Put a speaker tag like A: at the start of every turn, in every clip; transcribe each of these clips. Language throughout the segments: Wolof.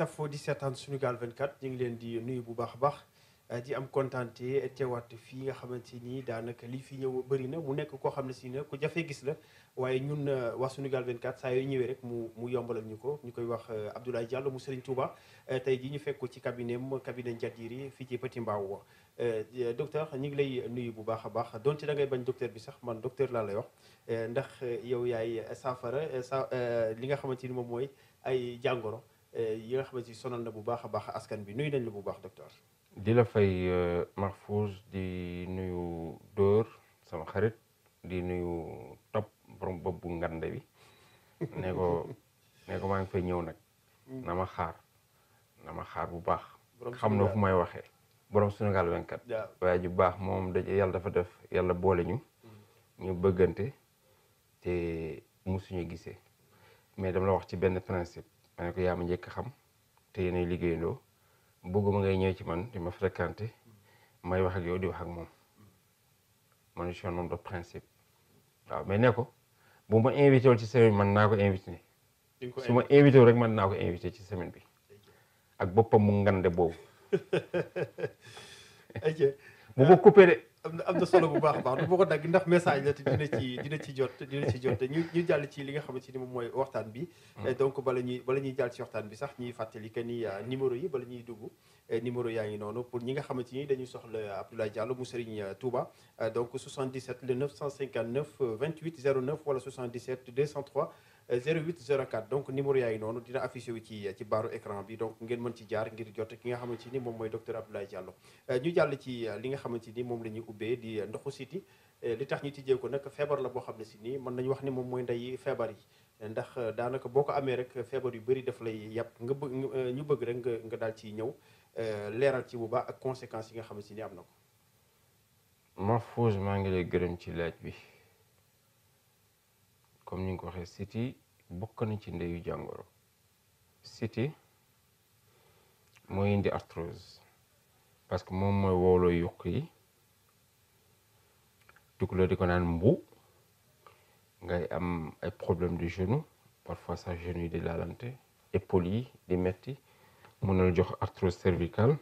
A: safoo di seetaan Sunugal 24 ñu ngi leen di nuyu bu baax a baax eh, di am kontante eh, teewaat fii nga xamante nii daanaka li fi ñëw bëri na mu nekk koo xam ne si ne ku jafe gis la waaye ñun wax eh, waa Sunugal 24 saa yooyu ñëwee rek mu mu yombalal ñu ko ñu koy wax Abdoulaye Diallo mu Serigne Touba tey jii ñu fekk ko ci cabinet am cabinet Njadiri fii ci Petit Mbao docteur ñu ngi lay nuyu bu baax a baax donte da bañ docteur bi sax man docteur laa lay wax ndax yow yaay saafara sa li nga xamante ni moom mooy ay jàngoro. Euh, yi nga xamante ni sonal na bu baax a baax askan bi nuy nañ la bu baax docteur.
B: di la fay euh, Mahfouz di nuyu Dóor sama xarit di nuyu topp borom bopp bu ngande bi ne ko ne maa ngi fay ñëw nag. Mm. na ma xaar na ma xaar bu baax. xam na fu may waxee. borom Sénégal 24. waaw waaye ju baax moom da yàlla dafa def yàlla boole ñu. Mm. ñu bëggante te musuñu gisee mais dam la wax ci benn principe. ma ne ko yaa ma njëkk xam te yéenay liggéeyandoo bëgguma ngay ñëw ci man di ma fréquenté may wax ak yow di wax ak moom man de principe waaw mais ne ko bu ma invité wul ci semaine man naa ko invité su ma invité wul rek man naa ko invité ci semaine bi ak boppam mu ngande boobu
A: bu ko coupé de. am na am na solo bu baax a baax du ma ko dagg ndax message la te dina ci dina ci jot dina ci jot ñu jàll ci li nga xamante ni moom mooy waxtaan bi. Mm. Eh, donc bala ñuy bala ñuy jàll ci waxtaan bi sax ñuy fàttali que ni euh, numéro yi bala ñuy dugg. Eh, numéro yaa ngi noonu pour ñi nga xamante ni dañu soxla euh, Abdoulaye Diallo mu Serigne euh, Touba donc 77 le 959 28 09 wala 77 203. 08 04 donc numéro yaa ngi noonu dina affiché wu ci ci baaru écran bi donc ngeen mën ci jaar ngir jot ki nga xamante ni moom mooy docteur Abdoulaye Diallo euh, ñu jàll ci euh, li nga xamante ni moom la ñuy ubbee di euh, ndoxu siti li tax ñu tijjee ko nag feebar la boo xam ne si nii mën nañu wax ni moom mooy ndey feebar yi ndax daanaka boo ko amee rek feebar yu bëri daf lay yàpp nga bëgg ñu bëgg rek nga nga daal ci ñëw leeral ci bu baax ak conséquences yi nga xamante ni am na ko.
B: Mahfouz maa ngi lay gërëm ci laaj bi. comme ni nga ko waxee siti bokk na ci ndeyu jàngoro siti mooy indi arthrose parce que moom mooy wooloo yokk yi tukuloo di ko naan mbu ngay am ay problème de genou parfois sax genou yi di laalante épaule yi di metti mun na jox arthrose cervicale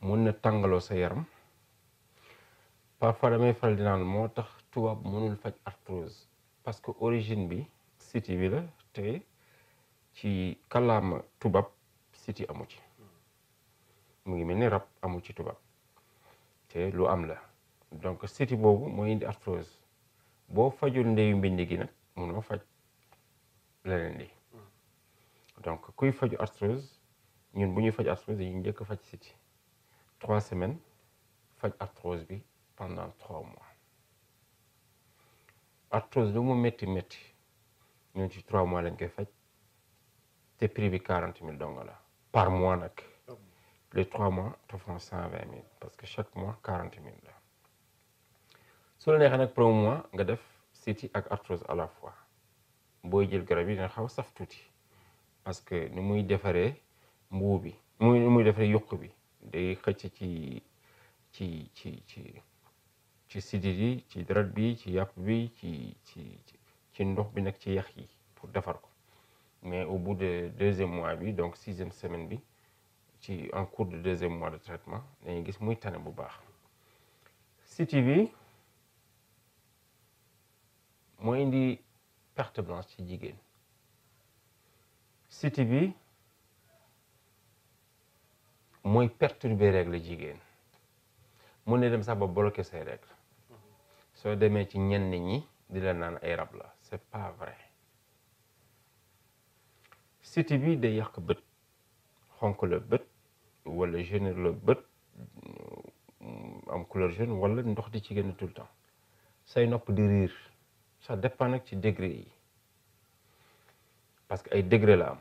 B: mun na tàngaloo sa yaram parfois damay faral di naan moo tax tubaab mënul faj arthrose parce que origine bi siti bi la te ci kàllaama tubaab siti amu ci mu ngi mel ni rab amu ci tubaab te lu am la donc siti boobu moo indi arthrose boo fajul ndeyu mbind gi nag munoo faj leneen li donc kuy faju arthrose ñun bu ñuy faj arthrose dañuy njëkk faj siti trois semaines faj arthrose bi pendant trois mois arthrose lu mu métti métti ñun ci trois mois lañ koy faj te prix bi quarante mille dong la par mois nag les trois mois te font cent vingt mille parce que chaque mois quarante mille la su la neexee nag premier mois nga def siti ak arthrose à la fois boo jël garab yi dina xaw saf tuuti parce que ni muy defaree mbuu bi muy ni muy defaree yokk bi day xëcc ci ci ci ci ci sidit yi ci deret bi ci yàpp bi ci ci ci ndox bi nag ci yax yi pour defar ko mais au bout de deuxième mois bi donc sixième semaine bi ci en cours de deuxième mois de traitement dañuy gis muy tane bu baax siti bi moo perte blanche ci jigéen siti bi mooy perturber règle jigéen mën ne dem sax ba bloquer say règle soo demee ci ñenn ñi di la naan ay rab la c'est pas vrai siti bi day yàq bët xonq la bët wala jaune la bët euh, am couleur jaune wala ndox di ci génn tout le temps say nopp di riir ça dépend nag ci degré yi parce que ay degré la am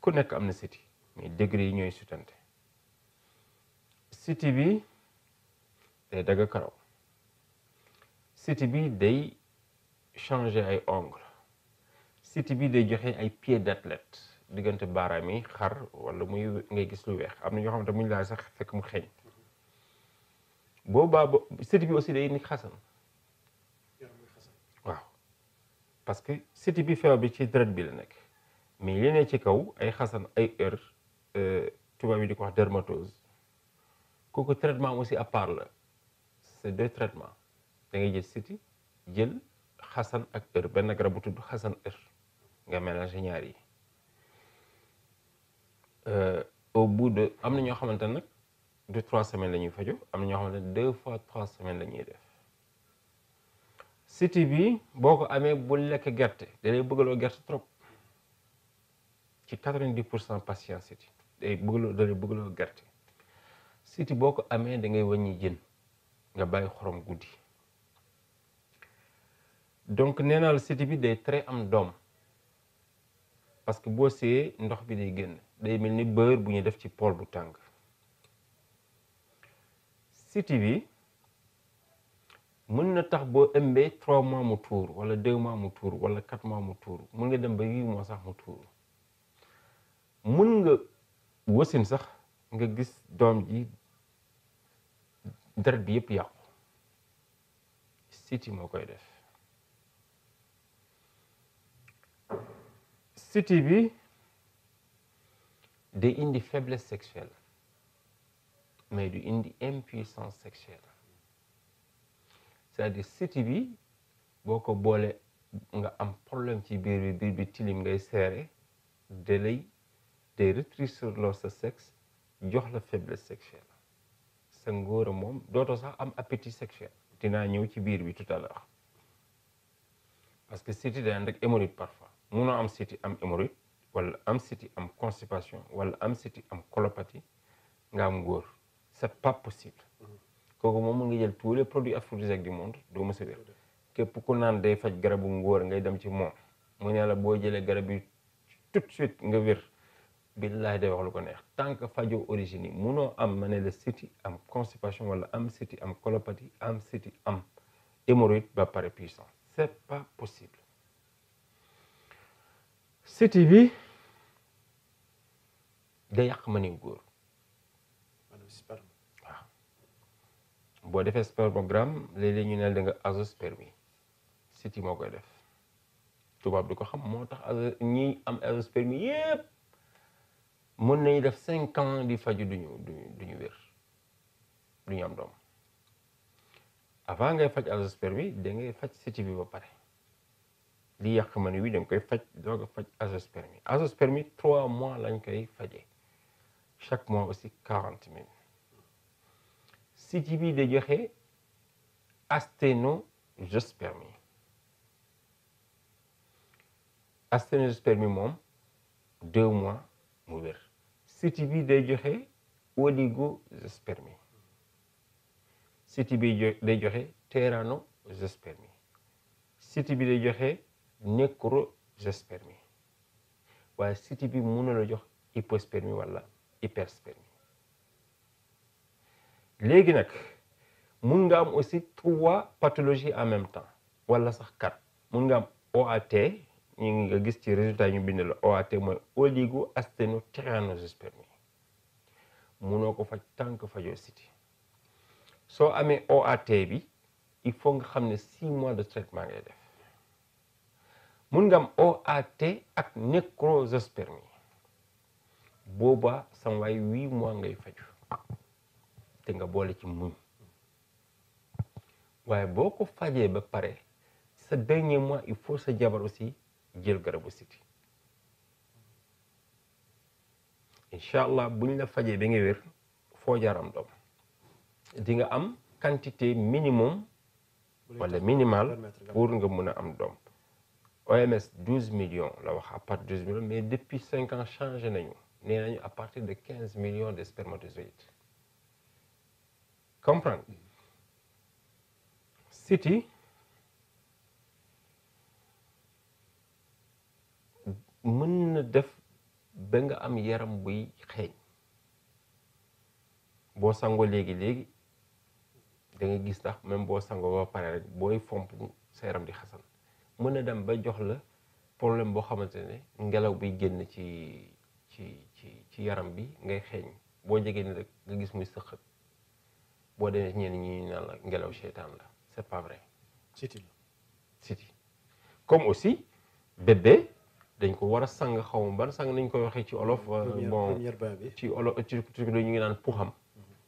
B: ku nekk am na siti mais degré yi ñooy sutante siti bi day dagg karaw siti bi day changer ay ongle siti bi day joxe ay pied d'athlète diggante baaraam yi xar wala muy ngay gis lu weex am na ñoo xamante muñ laa sax fekk mu xeeñ boobaa bo siti bi aussi day ni xasan waaw parce que siti bi feebar bi ci traite bi la nekk mais li ne ci kaw ay xasan ay heure euh, tubaab yi di ko wax dermatose kooku traitement aussi à part la c'est deux traitements da ngay jël siti jël xasan ak ër benn garab bu tudd xasan ër nga mélanger ñaar yi euh, au bout de am na ñoo xamante nag du trois semaines la ñuy fajo am na ñoo xamante ne deux fois trois semaines la ñuy def siti bi boo ko amee bu lekk gerte da lay bëggaloo gerte trop ci quatre-vingt-dix pour cent patient siti day bëggaloo da gerte siti boo ko amee da ngay wàññi jën nga bàyyi xorom guddi donc nee naa la siti bi day très am doom parce que boo seeyee ndox bi day génn day mel ni beurre bu ñu def ci pool bu tàng siti bi mën na tax boo ëmbee trois mois mu tuur wala deux mois mu tuur wala quatre mois mu tuur mën nga dem ba huit mois sax mu tuur mën nga wasin sax nga gis doom ji deret bi yëpp yàqu siti moo koy def city bi day indi faiblesse sexuelle mais du indi impuissance sexuelle c'est-à-dire city bi boo ko boole nga am problème ci biir bi biir bi tilim ngay seere da lay day rétrécir loo sa sexe jox la faiblesse sexuelle sa ngóor a moom dootoo sax am appétit sexuel dinaa ñëw ci biir bi tout à l'heure parce que city day ànd parfois munoo am siti am hémorroïde wala am siti am constipation wala am siti am colopathie nga am góor c'est pas possible mm-hmm. kooku moom mun nga jël tous les produits aphrodisiaques du monde doo mës a wér mm-hmm. képp ku naan day faj garabu ngóor ngay dem ci moom mu ne la boo jëlee garab yi tout de suite nga wér billaay day wax lu ko neex tant que fajo origine yi munoo am ma ne la siti am constipation wala am siti am colopati am siti am hémorroïde ba pare puissant c'est pas possible siti bi day yàq mëniw góor boo defee spermogramme léeg-léeg ñu ne da nga azoospermie siti moo koy def tubaab du ko xam moo tax ñi am azoospermie yépp mën nañu def cinq ans di faju duñu duñu duñu wér duñu am doom avant ngay faj azoospermie da ngay faj siti bi ba pare li yàqman wi dañ koy faj doog a faj azoospermie azoospermie trois mois lañ koy faje chaque mois aussi quarante mille site bi da joxe asthénospermie asthénospermie moom deux mois mu wér site bi day joxe oligospermie site bi day joxe téranospermie site bi day joxe necrospermie waaye siti bi mën na la jox hypospermie wala hyperspermie léegi nag mun nga am aussi trois pathologies en même temps wala sax kat mun nga am OAT ñu nga gis ci résultat ñu bind la OAT mooy oligo-asténo-tyrannospermie munoo ko faj tànk fajoo siti soo amee OAT bi il faut nga xam ne six mois de traitement ngay def mun nga am OAT ak nécrospermie booba sam waay huit mois ngay faju te nga boole ci muñ waaye boo ko fajee ba pare sa dernier mois il faut sa jabar aussi jël garabu siti incha allah buñ la fajee ba nga wér foo am doom di nga am quantité minimum wala minimal pour nga mun a am doom OMS 12 millions la wax à partir de mais depuis 5 ans changé nañu nee nañu à partir de 15 millions de spermatozoïdes comprendre siti mm-hmm. mën na def ba nga am yaram buy xeeñ boo sangoo léegi léegi danga gis tax même boo sangoo ba pare rek booy fomp sa yaram di xasan mën a dem ba jox la problème boo xamante ne ngelaw biy génn ci ci ci ci yaram bi ngay xeeñ boo jegee ni rek nga gis muy sëqat boo demee ñenn ñi naan la ngelaw seetaan la c'est pas vrai. siti comme aussi bébé dañ ko war a sang xaw ma ban sang nañ koy waxee ci olof. bon ci olof ci ci ñu ngi naan puxam.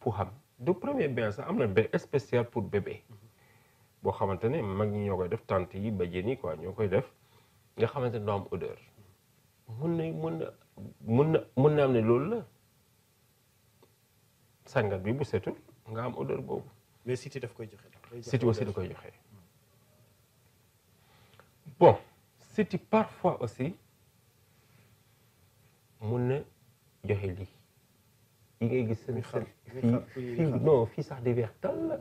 B: puxam du premier bain sax am na bain spécial pour bébé. boo xamante ne mag ñi ñoo koy def tante yi bajeen yi quoi ñoo koy def nga xamante ne doo am odeur mun na mun na mun na mun na am ne loolu la sangat bi bu setu nga am odeur boobu. mais cité daf koy joxe. cité aussi da koy joxe. bon cité parfois aussi mun na joxe lii. yi ngay gis seen. fii fii fii sax di weex tàll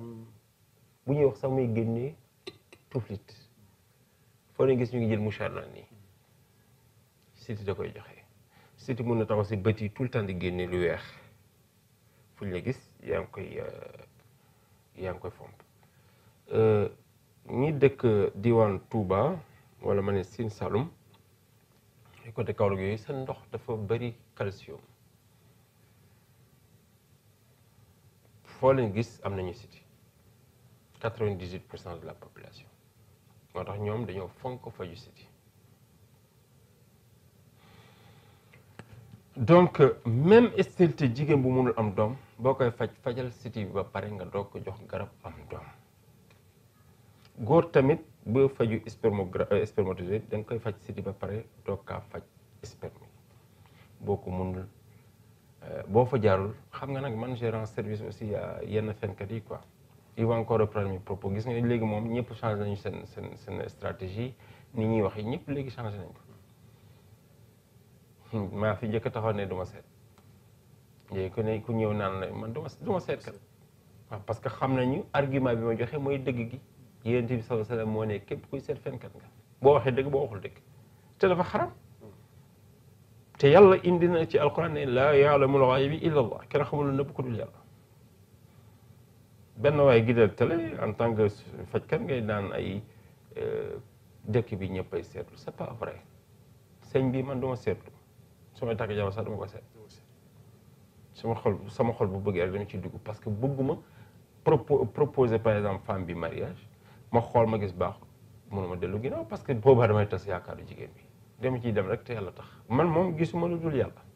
B: bu ñuy wax sax muy génne tuflit foo leen gis ñu ngi jël musharna nii siti da koy joxe siti mun na taxaw si bët yi tout le temps di génne lu weex fu ñu la gis yaa ngi koy euh, ngi fomp euh, ñi dëkk diwaan tuubaa walla ma ne Sine Saloum côté Kaolack yooyu seen ndox dafa bari calcium foo leen gis am nañu siti 98 pour cent de la population moo tax ñoom dañoo fonk faju-cité donc même stérilité jigéen bu mënul am doom boo koy faj fajal cité bi ba pare nga doog ko jox garab am doom góor tamit boo faju euh, spermatozoïde da nga koy faj cité ba pare doog kaa faj sperme boo ko mënul euh, boo fa jaarul xam nga nag man gérant service aussi yenn fenkat yi quoi il va encore reprendre mes propos gis nga léegi moom ñëpp changé nañu seen seen seen stratégie ni ñuy wax ñëpp léegi changé nañ ko maa fi njëkk taxaw ne du ma seet léegi ku ne ku ñëw naan la man du ma du ma seet kat parce que xam nañu argument bi ma joxe mooy dëgg gi yonent bi sallallahu alayhi wasallam moo ne képp kuy seet fenkat nga boo waxee dëgg boo waxul dëgg te dafa xaram te yàlla indi na ci alquran ne laa ya'lamul ghayba illa allah kenn xamul lu nëbb ku dul yàlla benn waaye gidal télé en tant que faj fajkat ngay naan ay euh, dëkk bi ñëpp ay seetlu c'est pas vrai sëñ bii man du seetlu su may takk jabar sax du ma ko seetlu sama xol sama xol bu bëggee rek dama ciy dugg parce que bëgguma propo proposer par exemple femme bi mariage ma xool ma gis baaxul mënuma dellu ginnaaw parce que boobaa damay tas yaakaaru jigéen bi dama ciy dem rek te yàlla tax man moom gisuma lu dul yàlla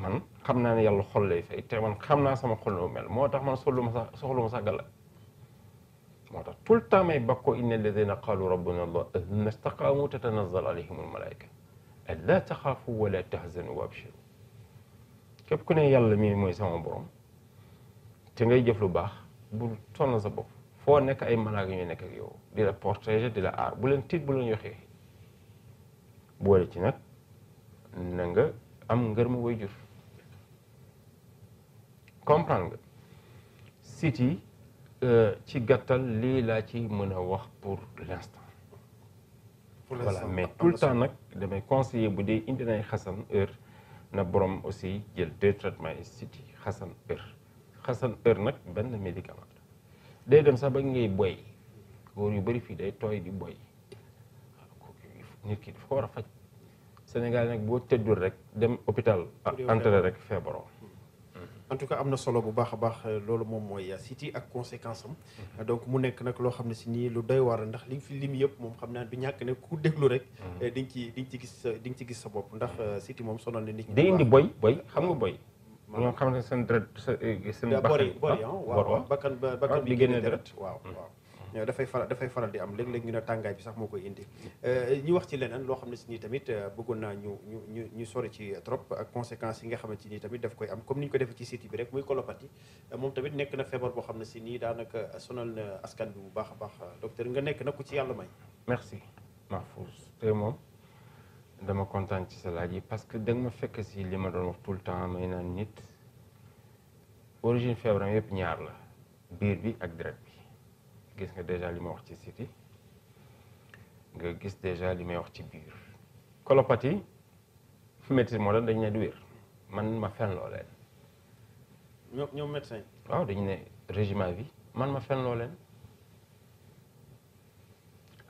B: man xam naa ne yàlla xol lay fay te man xam naa sama xol moo tax man soxlu ma sax soxlu ma sax moo tax tout le temps may bakkoo inna alladina qaalu rabbuna allah thumma istaqaamu tatanazal alayhim almalaika an laa taxaafu wala ku ne yàlla mii mooy sama borom te ngay jëf lu baax bul sa bopp foo nekk ay malaaka ñuy nekk yow di la protéger di la aar bu leen tiit bu leen yoxee boole ci nag na nga am ngërma way jur comprendre nga euh, ci gàttal lii laa ci mën a wax pour l'instant voilà mais tout le temps nag damay conseiller bu dee indi nay xasan heure na borom aussi jël deux traitements yi site xasan heure xasan heure nag benn médicament la dem sax ba ngay boy góor yu bëri fii day tooy di boy nit ki dafa ko war a faj Sénégal nag boo tëddul rek dem hôpital ah, entré rek feebaroo
A: en tout cas am na solo bu baax a baax euh, loolu moom mooy euh, City ak conséquence am mm-hmm. donc mu nekk nag loo xam ne si nii lu doy waar ndax li nga fi lim yëpp moom xam naa bi ñàkk ne ku déglu rek mm-hmm. euh, di nga ci di nga ci gis di nga ci gis sa bopp ndax City moom solo na nit ñi day indi boy boy
B: xam nga boy ñoo xam ne seen deret seen bakkan ah, ah, bor waaw bakkan bakkan ah, bi génne deret
A: waaw mm-hmm. waaw dafay faral dafay faral di am léeg-léeg ñu ne tàngaay bi sax moo koy indi euh, ñu wax ci leneen loo xam ne si nii tamit euh, bëggoon naa ñu ñu ñu ñu sori ci trop ak conséquences yi nga xamante ni tamit daf koy am comme ni ñu ko defee ci siti bi rek muy colopathie moom tamit nekk na feebar boo xam ne si nii daanaka sonal na askan bi bu baax a baax docteur nga nekk na ko ci yàlla may
B: merci Mahfouz tey moom dama kontaan ci sa laaj parce que da ma fekk si li ma doon wax tout le temps may naan nit origine yëpp ñaar la bi ak deret gis nga déjà li ma wax ci siti nga gis déjà li may wax ci biir kolopati médecine moo doon dañ ne du wér man ma fen loo leen
A: ñoom ñoom médecin
B: waaw dañ ne régime bi man ma fen loo leen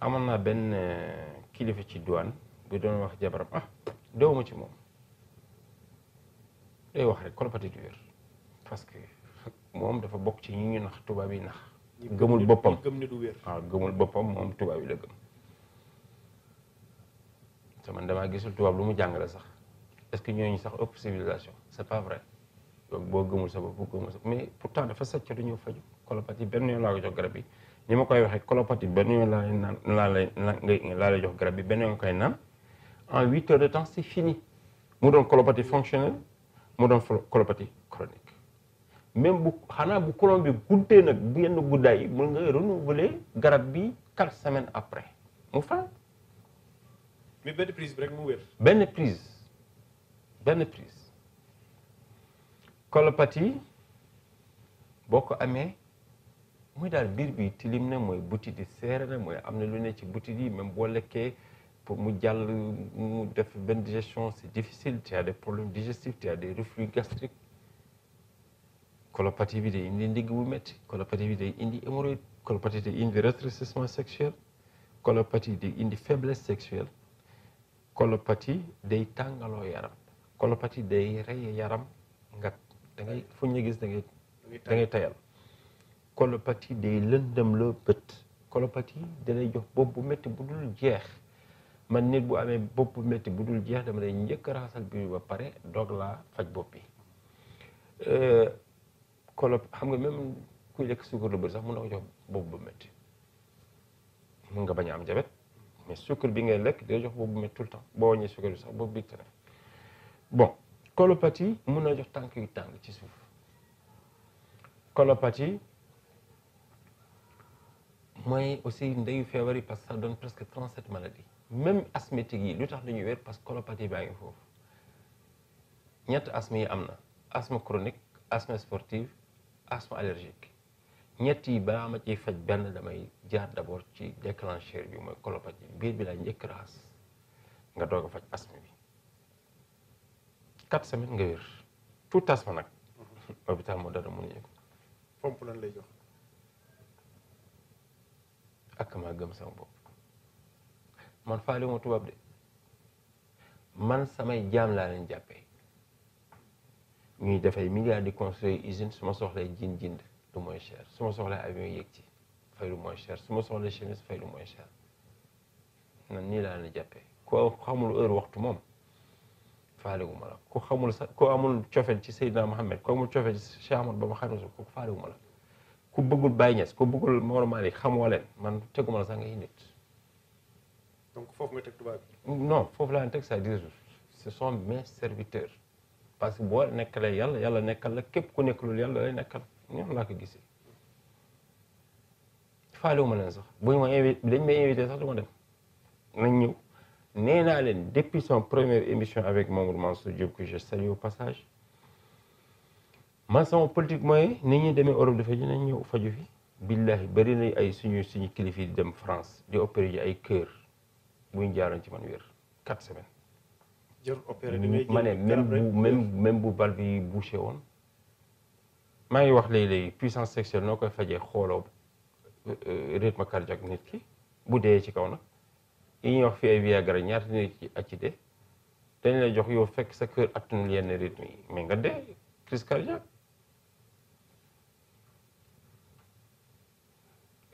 B: amoon naa benn euh, kilifa ci douane bu doon wax jabaram ah dewuma ci moom day wax rek colopathie du wér parce que moom dafa bokk ci ñu ñu nax tubaab yi nax gëmul boppam waaw gëmul boppam moom tubaab yi la gëm te man damaa gisul tubaab lu mu jàngale sax est-ce que ñooñu sax ëpp civilisation c'est pas vrai donc boo gëmul sa bopp gëmul sa mais pourtant dafa sàcc du ñu faju colopathie benn yoon laa jox garab bi ni ma koy waxee colopati benn yoon laa lay naan laa lay laa lay jox garab yi benn yoon koy naan en huit heures de temps c'est fini mu doon colopathie fonctionnelle mu doon colopathie même bu xanaa bu colon bi guddee nag bu yenn guddaay yi mën nga renouveler garab bi quatre semaines après mu fan
A: mais benn prise bi rek mu
B: wér. benn prise benn prise colopathie boo ko amee muy daal biir bi tilim na mooy butit yi seere na mooy am na lu ne ci butit yi même boo lekkee pour mu jàll mu def benn digestion c'est difficile tu as des problèmes digestifs tu as des reflux gastriques colopathie bi day indi ndigg bu métti colopathie bi day indi hémorroïde colopathie day indi rétrécissement sexuel colopathie day indi faiblesse sexuelle colopathie day tàngaloo yaram colopathie day rey yaram ngat da fu ñu gis da ngay da ngay tayal colopathie day lëndëm loo bët colopathie da lay jox bopp bu métti bu dul jeex man nit bu amee bopp bu métti bu dul jeex dama day njëkk raxasal biir ba pare doog laa faj bopp bi euh, kolo xam nga même kuy lekk suukar lu sax mën na ko jox boobu bu métti mën nga bañ a am jabet mais bi ngay lekk day jox boobu bu métti tout boo wàññee suukar sax boobu bi tane bon colopathie mën na jox tànk yu tàng ci suuf colopathie mooy aussi ndeyu feebar yi parce que ça donne presque 37 maladies même asthmatique yi lu tax dañuy wér parce que colopathie baa ngi foofu ñett asthme yi am na asthme chronique asthme sportive asthme allergique ñett yi balaa ma ciy faj benn damay jaar d'abord ci déclencheur bi mooy colopathie biir bi laay njëkk raxas nga doog a faj asthme bi quatre semaines nga wér tout asthme nag mhm. hôpital moo dara mënuñu ko
A: pompe lan lay jox
B: ak maa gëm sama bopp man faale ma tubaab de man samay jaam laa leen jàppee ñuy dafay milliards di construire usine su ma soxlee jin jënd lu moins cher su ma soxlee avion yéeg ci fay lu moins cher su ma soxlee chemise fay lu moins cher nan nii laa leen jàppee ku xamul heure waxtu moom faalewuma la ku xamul sax ku amul cofeel ci Seydina Mohamed ku amul cofeel ci Cheikh Ahmad Bamba Xaadimu Rasuul kooku faalewuma la ku bëggul Baay ku bëggul Mor xamoo leen man teguma la sax ngay nit
A: donc foofu nga teg tubaab
B: bi non foofu laa teg parce que boo nekkalee yàlla yàlla nekkal la képp ku nekkalul yàlla lay nekkal ñoom laa ko gisee faalewuma leen sax bu ñu ma invité dañ may invité sax du ma dem nañ ñëw nee naa leen depuis son première émission avec Mamadou Mansour Diop que je salue passage man sama politique mooy nit ñi demee Europe dafa ji nañ ñëw faju fi billahi bari na ay suñu suñu kilifa yi di dem France di opéré ji ay cœur bu ñu jaaroon ci man wér quatre semaines jël opéré da ngay jël ma ne même bu même même bu bal bi bouché woon maa ngi wax léeg-léeg puissance sexuelle noo koy fajee xooloo euh, rythme cardiaque nit ki bu dee ci kaw nag yi ñuy wax fi ay Viagra ñaata nit ci ak ci dee dañ lay jox yow fekk sa kër attanul yenn rythme yi mais nga de crise cardiaque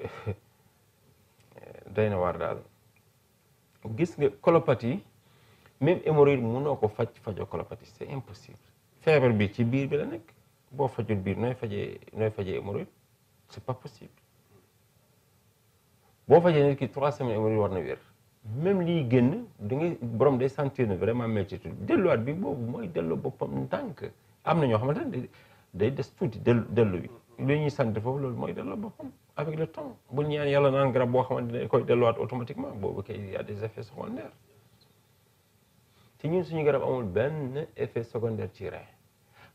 B: eh, day na waar daal gis nga colopathie même hémorroïde mënoo ko faj fajoo colopathie c'est impossible feebar bi ci biir bi la nekk boo fajul biir nooy fajee nooy fajee hémorroïde c'est pas possible boo fajee nit ki trois semaines hémorroïde war na wér même liy génn da ngay borom day sentir ne vraiment multitude delluwaat bi boobu mooy delloo boppam ndànk am na ñoo xamante ne day des tuuti dellu dellu bi li ñuy sant foofu loolu mooy delloo boppam avec le temps bu ñaan yàlla naan garab boo xamante koy delluwaat automatiquement boobu kay y a ci ñun suñu garab amul benn effet secondaire ci rein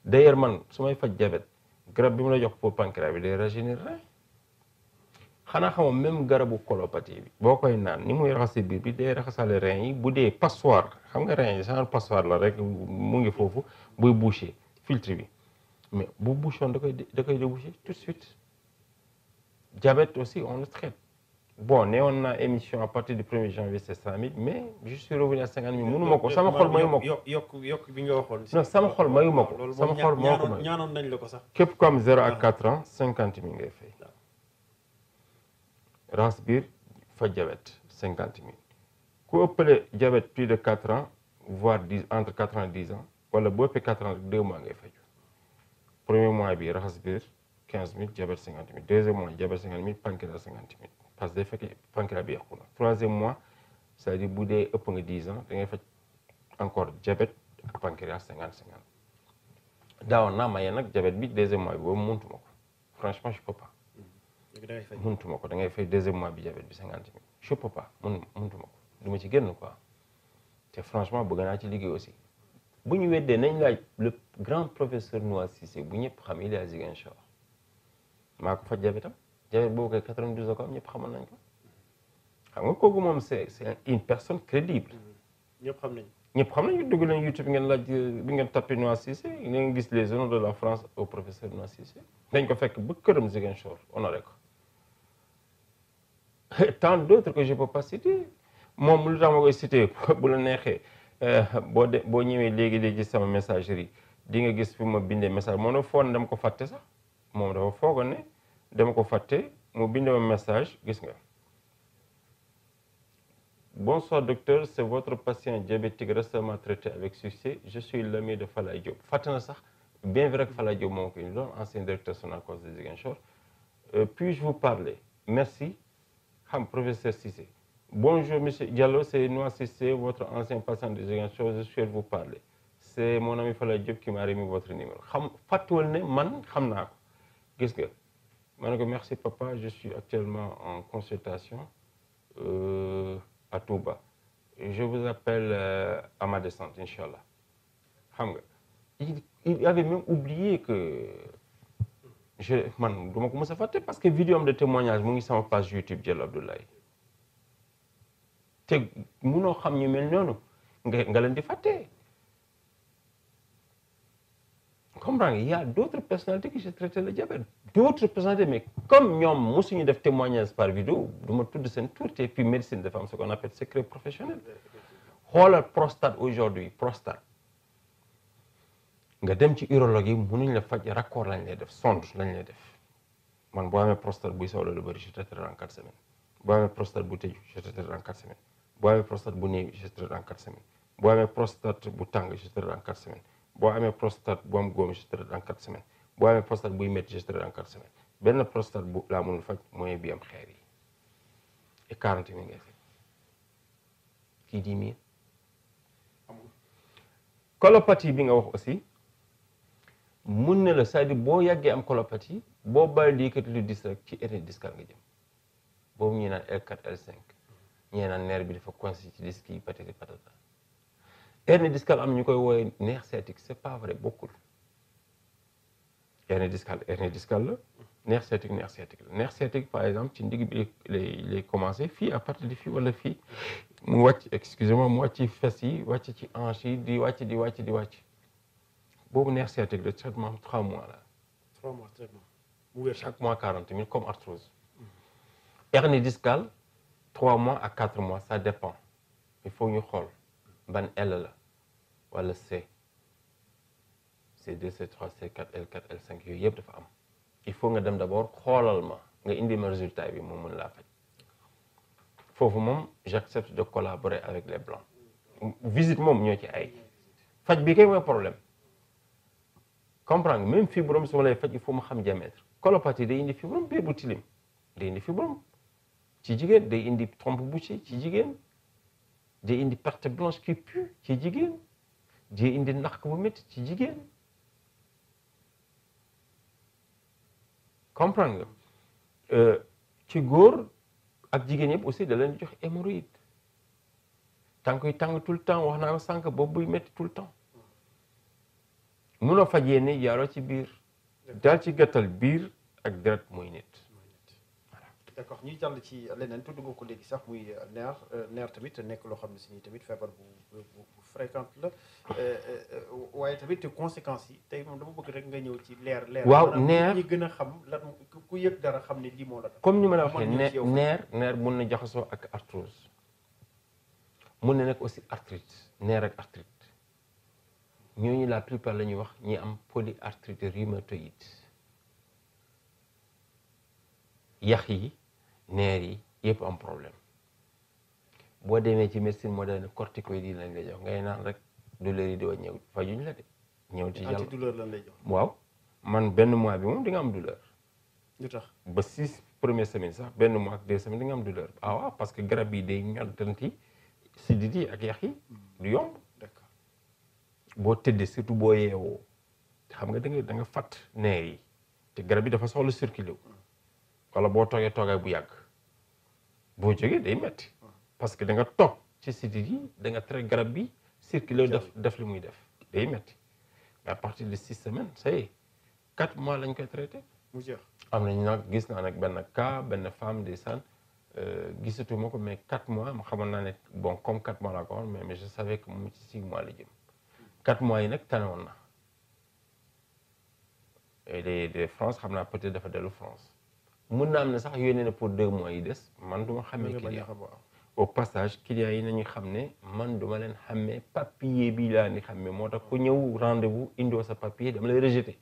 B: d'ailleurs man su may faj diabète garab bi mu la jox pour pancréas bi day rajeunir xanaa xamoo même garabu colopathie bi boo koy naan ni muy raxas bi day raxasale rein yi bu dee passoire xam nga rein yi genre passoire la rek mu ngi foofu buy bouché filtre bi mais bu bouchon da koy da koy débouché tout de suite diabète aussi on le bon newoon naa émission à partir du 1er janvier c'est mais je suis revenu à 50000 mënuma ko sama ma ko
A: yokk yokk bi nga waxoon non sama xol mayu ma ko sama xol moo ko may ñaanoon nañ la ko sax
B: képp ku am 0 ak ah. ans 50 000 ngay fay ah. raxas biir fa diabète 50 000 ku ëppale diabète plus de 4 ans voire 10 entre 4 ans et 10 ans wala boo ëppee 4 ans rek 2 mois ngay faju premier mois bi raxas biir 15000 diabète 50000 deuxième mois diabète 50000 pancréas 50000 parce que day fekk pancréas bi yàqu na mois cest à bu dee ëpp nga 10 ans da ngay faj encore diabète ak pancréas 50 50 daawoon naa maye nag jabet bi deuxième mois bi boobu muntu ma ko franchement je peux pas. ko da ngay fay deuxième mois bi diabète bi 50 000 je peux pas mun muntu ko du ma ci génn quoi te franchement bëgg naa ci liggéey aussi bu ñu weddee nañ laaj le grand professeur Noa Cissé bu ñëpp xam il est à Ziguinchor maa ko faj diabète diabète boobu kay 92 ans ko am ñëpp xamoon nañ ko xam nga kooku moom c' est c' est une personne crédible.
A: Mm-hmm. ñëpp xam
B: nañ ñëpp xam nañu dugg leen YouTube ngeen ji euh, bi ngeen tapé Noa Cissé ngeen gis les honneurs de la France au professeur Noa Cissé dañ ko fekk ba këram Ziguinchor honoré ko tant d' autres que je peux pas citer moom lu tax ma koy bu la neexee euh, boo de boo ñëwee léegi léegi sama messagerie di nga gis fi ma bindee message moom dafa foog ne ko fàtte sax moom dafa foogoon ne. dama ko fàtte mu bind ma message gis nga bonsoir docteur c'est votre patient diabétique récemment traité avec succès je suis l'ami de Fala Diop fàtte na sax bien vrai que Fala Diop moom ko ñu doon ancien directeur Sonacos de Ziguinchor euh, puis-je vous parler merci xam professeur Cissé bonjour monsieur Diallo c'est Noa Cissé votre ancien patient de Ziguinchor je souhaite vous parler c'est mon ami Fala Diop qui m'a remis votre numéro xam fàttuwal ne man xam naa gis nga ma ne merci papa je suis actuellement en consultation euh, à Touba je vous appelle euh, à ma descente incha xam nga il il avait même oublié que je man du ma ko mos a fàtte parce que vidéo am de témoignage mu ngi sama page YouTube Diallo Abdoulaye te munoo xam ni mel noonu nga nga leen di fàtte. comprendre il y a d'autres personnalités qui se traitaient le diabète d'autres personnalités mais comme ñoom mosuñu def témoignage par vidéo du ma tudd seen tur te puis médecine dafa am ce qu'on appelle secret professionnel xoolal prostate aujourd'hui prostate nga dem ci urologue yi mënuñ la faj raccord lañ lay def sonde lañ lay def man boo amee prostate buy sawla lu bëri je traiterai en quatre semaines boo amee prostate bu tëju je traiterai en amee prostate bu néew je traiterai en quatre semaines boo amee prostate bu tàng je traiterai boo amee prostate bu am góom je traite en quatre semaines boo amee prostate buy métti je traite en quatre semaines benn prostate bu laa mënul faj mooy bi am xeer yi et quarante mille ngay kii dix mille colopathie bi nga wax aussi mun na la cest boo yàggee am colopathie boo bàyyi di lu dis ki ci hernie discale nga jëm boobu ñuy naan L4 L5 ñee bi dafa coincé ci disque yi patati patata hernie discale am ñu koy woowee neex sciatique c'est pas vrai bokkul hernie discale hernie discale la nerf sciatique nerf sciatique la nerf par exemple ci ndig bi lay lay commencé fii à partir de fii wala fii mu wàcc excusez-moi mu wàcc ci fes yi wàcc ci hanche yi di wàcc di wàcc di wàcc boobu neex sciatique de traitement trois mois la.
A: trois mois traitement
B: mu wér chaque mois comme arthrose. hernie discale trois mois à quatre mois ça dépend il faut ñu xool ban aile la. wala C C2 C3 C4 L4 L5 yooyu yëpp dafa am il faut nga dem d'abord xoolal ma nga indi ma résultat bi moom mën laa faj foofu moom j'accepte de collaborer avec les blancs visite moom ñoo ci ay faj bi kay mooy problème comprendre même fibrome su ma lay faj il faut ma xam diamètre colopathie day indi fibrome bee bu tilim day indi fibrome ci jigéen day indi trompe bouchée ci jigéen day indi perte blanche qui pue ci jigéen ji indi naq bu métti ci jigéen comprendre nga euh, ci góor ak jigéen yëpp aussi da leen jox hémorroïde tànk yi tàng tout temps wax naa ko sànq boobu buy métti tout le temps munoo fajee ne yaaroo ci biir daal ci gàttal biir ak deret mooy nit
A: d'accord ñuy jàll ci leneen tudd nga ko léegi sax muy neer euh, neer tamit nekk loo xam ne si nii tamit feebar bu fréquente la euh, euh, waaye tamit conséquences yi tey moom dama bëgg rek nga ñëw ci leer. leer waaw neer ñi gën xam lan ku yëg dara xam ne lii moo comme ni ma la waxee neer
B: neer mun na jaxasoo ak arthrose mun na nekk aussi arthrite neer ak arthrite ñooñu la plupart la ñuy wax ñi am polyarthrite rhumatoïde yax yi. neer yi yëpp am problème boo demee ci médecine moderne corticoïde yi lañ lay jox ngay naan rek douleur yi di wàññeeku fajuñ la de. ñëw ci jàll lañ lay jox. waaw man benn mois bi moom di nga am douleur. lu tax ba six première semaine sax benn mois ak deux semaines di nga am douleur ah waaw parce que garab yi day ñoddanti sidit yi ak yax yi hmm. du yomb. boo tëddee surtout boo yeewoo xam nga da nga da nga fàtt neer yi te garab yi dafa soxlu circuler wala boo toogee toogaay bu yàgg boo jógee day metti parce que da nga toog ci sidit yi da nga traité garab bi circulé def def li muy def day metti mais à partir de six semaines ça y mois lañ koy traité am nañ nag gis naa nag benn cas benn femme de san euh, gisatuma ko mais quatre mois ma xamoon naa ne bon comme quatre mois laa ko waxoon mais je savais que mu ci six mois la jëm mois yi nag woon na et de de France xam naa peut-être dafa dellu France mun na am ne sax yónnee na pour deux mois yi des man du ma xamee client au passage client yi nañu xam ne man duma leen xammee papier bi laa ni xammee moo tax ku ñëw rendez-vous indoo sa papier dama la rejeté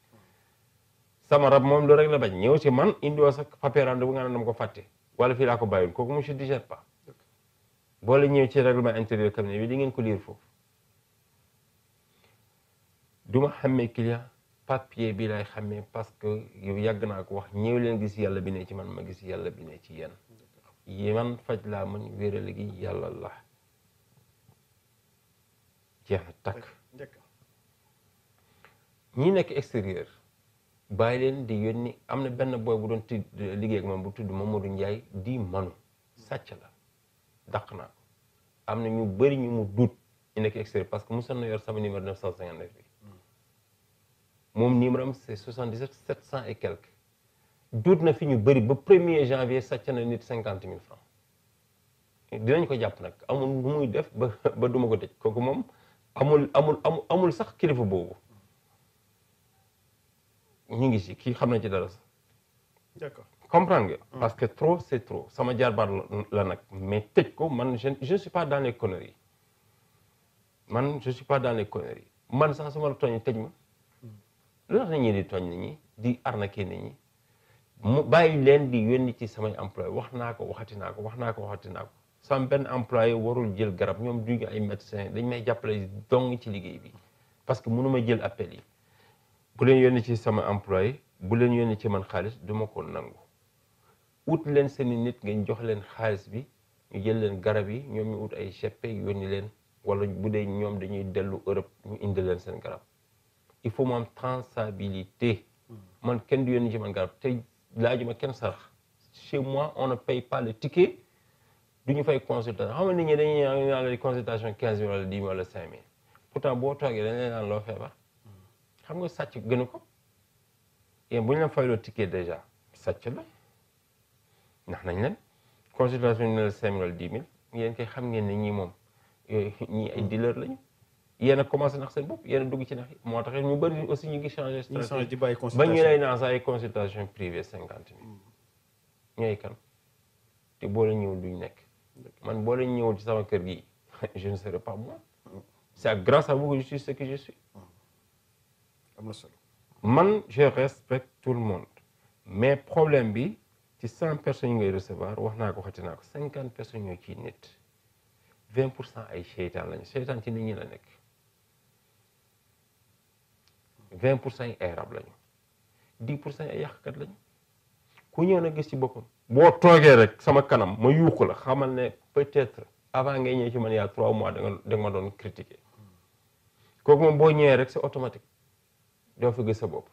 B: sama rab moom loolu rek la bañ ñëw si man indoo sa papier rendez-vous nga naan dama ko fàtte wala fii laa ko bàyyul kooku monsieur digère pas boo la ñëw ci règlement intérieur cabinet bi di ngeen ko liir foofu duma xammee client papier bi lay xamee parce que yow yàgg naa ko wax ñëw leen gis yàlla bi ne ci man ma gis yàlla bi ne ci yéen yi man faj laa mën wérale gi yàlla la jeex na takk ñi nekk extérieur bàyyi leen di ni am na benn booy bu doon tudd liggéey ak moom bu tudd ma Mamadou njaay di manu sàcc la dàq naa am na ñu bëri ñu mu duut ñu nekk extérieur parce que mosoon na yor sama numéro 959 bi moom numéro am c'est 77 700 et quelques duut na fi ñu bëri ba 1er janvier sàcc na nit 50 000 francs dinañ ko jàpp nag amul lu muy def ba ba duma ko tëj kooku moom amul amul amul amul sax kilifa boobu ñu ngi si kii xam na ci dara sax. d'accord nga. Hmm. parce que trop c'est trop sama jaarbaar la nag mais tëj ko man je je ne suis pas dans les conneries man je suis pas dans les conneries man sax sama la tooñ tëj ma. lu tax na ñi di tooñ nit ñi di arnaquer nit ñi mu bàyyi leen di yónni ci samay employé wax naa ko waxati naa ko wax naa ko waxati naa ko sama benn employé warul jël garab ñoom duñu ay médecin dañ may jàppale dong ci liggéey bi parce que mënuma jël appel yi bu leen yónni ci sama employé bu leen yónni ci man xaalis du ma ko nangu ut leen seeni nit ngeen jox leen xaalis bi ñu jël leen garab yi ñoom ñu ut ay cheppe yónni leen wala bu dee ñoom dañuy dellu Europe ñu indi leen seen garab il faut mu am traçabilité man kenn du yónni ci man garab tey laajuma kenn sarax chez moi on ne paye pas le du ñu fay consultation xam nga ñi dañuy naan la consultation 15 000 wala 10 000 wala 5 boo toogee dañ loo feebar xam nga sàcc gënu ko yéen bu ñu la fayloo ticket déjà sàcc la ndax nañ leen consultation ñu ne la 5 000 kay xam ngeen ne ñii moom ñii ay dealer lañu. yéen a commencé nax seen bopp yéen dugg ci nax yi moo tax ñu bëri aussi ñu ngi changé stratégie ba ñu lay naan sax ay consultation privée cinquante mille mm. kan te boole leen ñëwul duñ nekk man boole leen ñëwul ci sama kër gi je ne serai pas moi mm. c'est grâce à vous mm. man je respecte tout le monde mais problème bi ci cent personnes ngay recevoir wax naa ko waxati naa ko cinquante personnes ñoo ciy nit vingt pour cent ay seytaan lañu seytaan ci nit ñi la nekk vingt pour cent yi ay rab lañu dix pour cent yi ay yàqkat lañu ku ñëw na gis ci boppam boo toogee rek sama kanam ma yuuxu la xamal ne peut-être avant ngay ñëw ci man yaa trois mois da nga ma doon critiquer kooku moom boo ñëwee rek c'est automatique doo fa gis sa bopp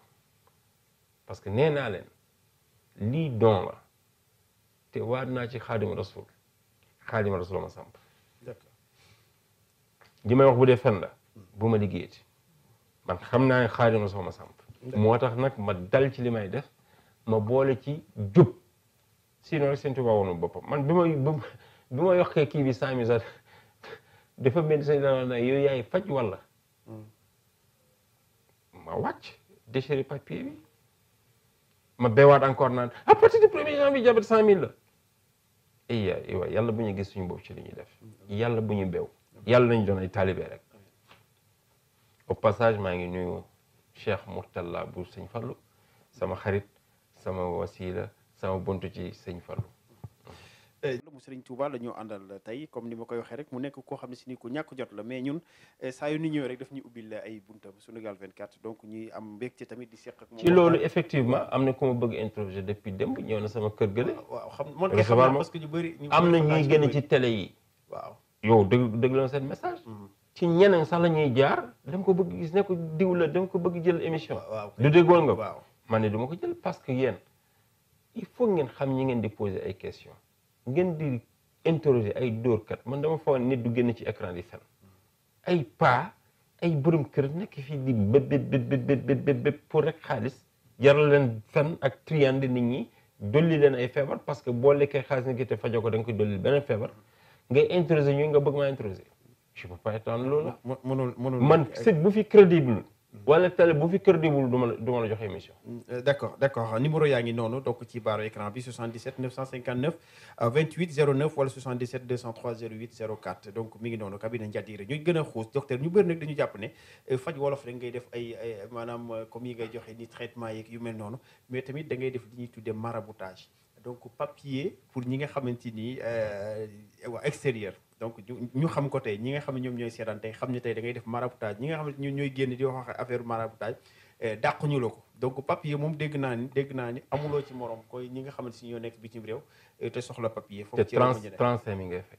B: parce que nee naa leen lii don la te waat naa ci xaadima rasul xaadima rasul ma samp li may wax bu dee fen la bu ma liggéey liggéeyati man xam naa ne xaadima soxma samp moo tax nag ma dal ci li may def ma boole ci jub sinon rek sëñ Tuba woonu boppam man bi ma bi ma yokkee kii bi saami sax dafa mel ni sëñ dana na yooyu yaay faj walla hmm. ma wàcc déchiré papier bi ma beewaat encore naan à partir du premier janvier jabet cent mille la iya eh, iwa eh, yàlla bu ñu gis suñu bopp ci li ñuy def hmm. yàlla bu ñu bew hmm. yàlla nañu doon ay taalibe rek o passage maa ngi nuyu Cheikh Mourtalla bu sëñ Fallu sama xarit sama wasila sama buntu ci sëñ Fallu
A: mu eh, Serigne Touba la ñu àndal tey comme ni ma koy waxee rek mu nekk koo xam ne si ni ku ñàkk jot la mais ñun eh, saa yu ni ñëwee rek daf ñu ubbil ay bunta Sunugal 24 donc ñuy am mbégte tamit di seq ak moom loolu
B: effectivement am na ku ma bëgg interroger depuis démb ñëw na sama kër gële ah, waaw xam man kay xam parce que ñu
A: bëri am na ñuy gën ci
B: tele yi waaw yow dëgg dëgg seen message mm-hmm. ci ñeneen sax la ñuy jaar dama ko bëgg gis ne ko diw la dama ko bëgg jël émission. du déggoon nga ko man ne duma ko jël parce que yéen il faut ngeen xam ñi ngeen di poser ay question ngeen di interroger ay dóorkat man dama foog ni du génn ci écran di fen ay paa ay borom kër nekk fii di béb béb béb béb pour rek xaalis jaral leen fen ak triande nit ñi dolli leen ay feebar parce que boo lekkee xaalis nit ki te fajoo ko da nga koy dolli beneen feebar ngay interroger ñu nga bëgg maa interroger. je peux pas étendre loolu. mënul mënul man site bu fi crédible. wala télé bu fi crédible du ma la du ma la joxe émission. Mm,
A: euh, d' accord d' accord yaa ngi noonu donc ci baaru écran bi 77 959 28 09 wala 77 203 08 04 donc mi ngi noonu cabinet Ndiadire ñu gën a xuus docteur ñu bëri dañu jàpp ne euh, faj wolof rek ngay def ay maanaam euh, comme yi ngay joxe ni traitement yeeg yu mel noonu mais tamit ngay def li ñuy tuddee maraboutage donc papier pour ñi nga xamante ni waa extérieur. donc ñu xam ko tey ñi nga xam ne ñoom ñooy seetaan tey xam ne tey da ngay def maraboutage ñi nga xam ne ñooy génn di wax affaire maraboutage eh, dàquñu la ko donc papier moom dégg naa ni dégg naa ni amuloo ci morom koy ñi nga xam ne si ñoo nekk bitim réew eh, te soxla papier. foofu ci réew mi te 35 mi ngay fay.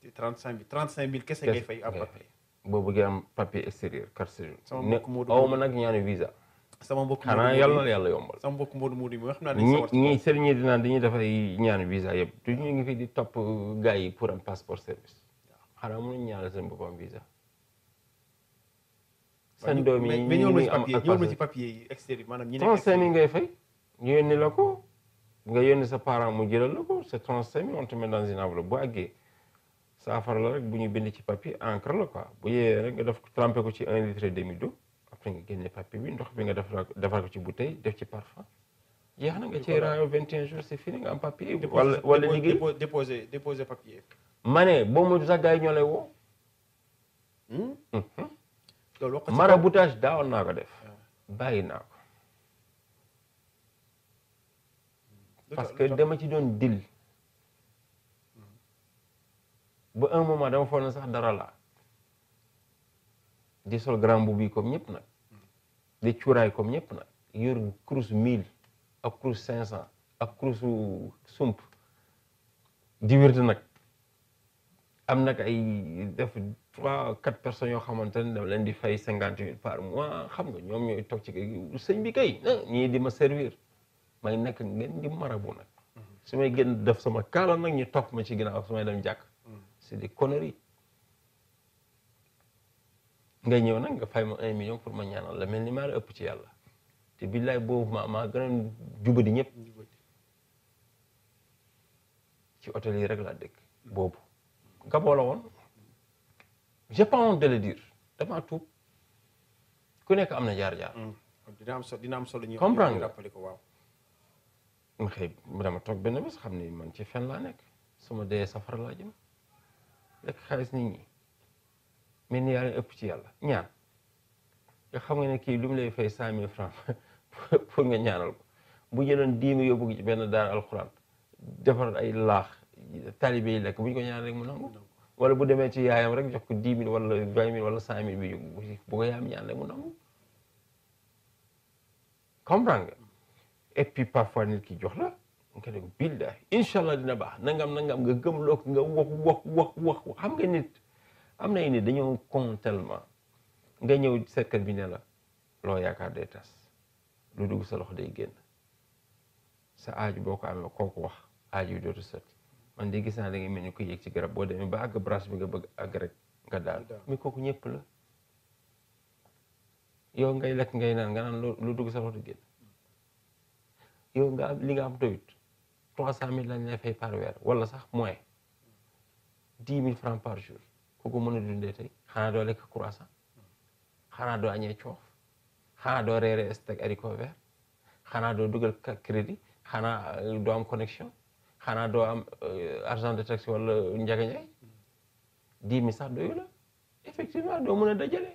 A: ci 35 bi 35 000 kese ngay fay am papier.
B: boo bëggee am papier extérieur carte séjour. sama mbokk moo aw ma nag ñaanu visa. sama mbokk xanaa yàlla na yàlla yombal. sama mbokk Modou Modou yi xam naa dañuy sawar dañuy def ñaan visa yëpp te ñu ngi fi di topp gars yi pour am passeport service xanaa mënuñ ñaanal seen boppam visa. seen doom yi ñu ngi am ak ñëw na ci papier
A: yi extérieur ñi nekk trente
B: ngay fay ñu yónni la ko nga yónni sa parent mu jëlal la ko c'est trente-cinq mille on te bu àggee saafara la rek bu ñu bind ci papier encre la quoi bu yee rek nga def trempé ko ci un litre demi d'eau après nga génne papier bi ndox bi nga defar defar ko ci bouteille def ci parfum jeex na nga ci raayoo 21 jours c'est fini nga am papier. wala wala liggéey déposer déposer papier. ma ne boo moytu sax gars yi ñoo lay woo. Hmm? Hmm. loolu wax maraboutage daawoon naa ko def. Ah. bàyyi naa parce que dama ci doon dil. Hmm. ba un moment dama foog ne sax dara laa. di sol grand mbubb yi comme ñëpp nag di cuuraay comme ñëpp nag yor kurus 1000 ak kurus cent ak kurusu sump di wér nag am nag ay def trois quatre personnes yoo xamante ne dama leen di fay cinquante mille par mois xam nga ñoom ñooy toog ci kër gi sëñ bi kay ah, ñii di ma servir may nekk ngeen di marabu nag mm-hmm. su may gën def sama kaala nag ñi topp ma ci ginnaaw su may dem jàkk mm-hmm. c'est des conneries ngay ñëw nag nga fay ma un million pour ma ñaanal la mel ni maa la ëpp ci yàlla te billaay boobu ma maa gën a di ñëpp ci hôtel yi rek laa dëkk boobu gaboo woon j'ai pas honte de le tuub ku nekk am na jaar-jaar. Hmm.
A: dina am solo solo ñu comprendre ko waaw.
B: ma xëy dama toog benn bés xam ne man ci fen laa nekk su ma dee safara laa jëm lekk xaalis nit ñi. mel ni yaa leen ëpp ci yàlla ñaan nga xam nga ne kii lu mu lay fay cent mille francs pour nga ñaanal bu jëloon dix mille yóbbu ci benn daara alxuraan defar ay laax taalibe yi lekk bu ñu ko ñaan rek mu nangu wala bu demee ci yaayam rek jox ko dix mille wala vingt mille wala cent mille bi bu ko yaayam ñaan rek mu nangu comprendre nga et puis parfois nit ki jox la nga ne ko billahi incha dina baax nangam nangam nga gëm loo nga wax wax wax wax nga nit am na indi dañoo con tellement nga ñëw cercle bi ne la loo yaakaar day tas lu dugg sa loxo day génn sa aaju boo ko amee kooku wax aaju yi dootu sotti man de gis naa da ngay mel ni ko yéeg ci garab boo demee ba àgg branche bi nga bëgg àgg nga daal mi kooku ñëpp la yow ngay lekk ngay naan nga naan lu dugg sa loxo di génn yow nga am li nga am doyut trois cent mille lañ lay par weer wala sax moins dix mille francs par jour kooku mën a dundee tey xanaa doo lekk croissant xanaa doo añee coof xanaa doo reere steak haricot vert xanaa doo dugal crédit xanaa euh, doo am connexion xanaa doo am euh, argent de taxi wala njaga-njaay di mille sax doyu effectivement doo mën a dajale